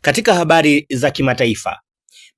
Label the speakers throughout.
Speaker 1: Katika habari za kimataifa,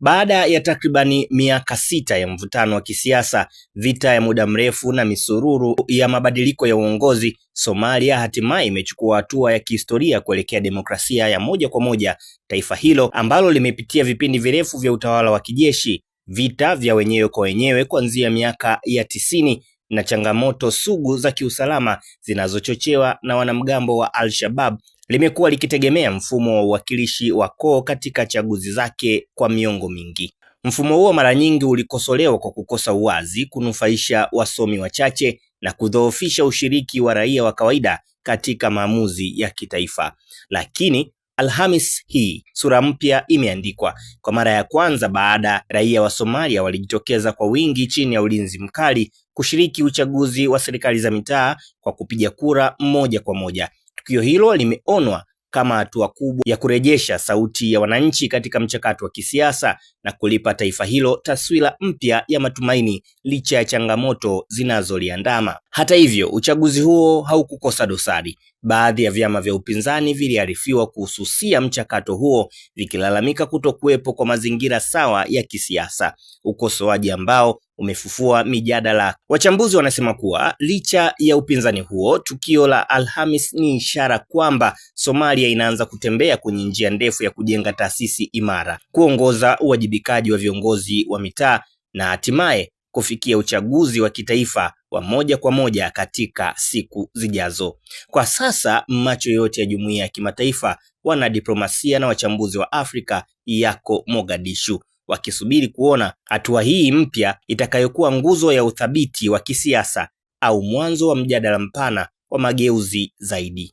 Speaker 1: baada ya takribani miaka sita ya mvutano wa kisiasa, vita ya muda mrefu na misururu ya mabadiliko ya uongozi, Somalia hatimaye imechukua hatua ya kihistoria kuelekea demokrasia ya moja kwa moja, taifa hilo ambalo limepitia vipindi virefu vya utawala wa kijeshi, vita vya wenyewe kwa wenyewe kuanzia miaka ya tisini na changamoto sugu za kiusalama zinazochochewa na wanamgambo wa Al-Shabab limekuwa likitegemea mfumo wa uwakilishi wa koo katika chaguzi zake kwa miongo mingi. Mfumo huo mara nyingi ulikosolewa kwa kukosa uwazi, kunufaisha wasomi wachache na kudhoofisha ushiriki wa raia wa kawaida katika maamuzi ya kitaifa. Lakini Alhamis hii sura mpya imeandikwa. Kwa mara ya kwanza baada raia wa Somalia walijitokeza kwa wingi chini ya ulinzi mkali kushiriki uchaguzi wa serikali za mitaa kwa kupiga kura moja kwa moja. Tukio hilo limeonwa kama hatua kubwa ya kurejesha sauti ya wananchi katika mchakato wa kisiasa na kulipa taifa hilo taswira mpya ya matumaini licha ya changamoto zinazoliandama. Hata hivyo, uchaguzi huo haukukosa dosari. Baadhi ya vyama vya upinzani viliarifiwa kuhususia mchakato huo, vikilalamika kutokuwepo kwa mazingira sawa ya kisiasa, ukosoaji ambao umefufua mijadala. Wachambuzi wanasema kuwa licha ya upinzani huo, tukio la Alhamis ni ishara kwamba Somalia inaanza kutembea kwenye njia ndefu ya kujenga taasisi imara, kuongoza uwajibikaji wa viongozi wa mitaa na hatimaye kufikia uchaguzi wa kitaifa wa moja kwa moja katika siku zijazo. Kwa sasa macho yote ya jumuiya ya kimataifa, wanadiplomasia na wachambuzi wa Afrika yako Mogadishu wakisubiri kuona hatua hii mpya itakayokuwa nguzo ya uthabiti wa kisiasa au mwanzo wa mjadala mpana wa mageuzi zaidi.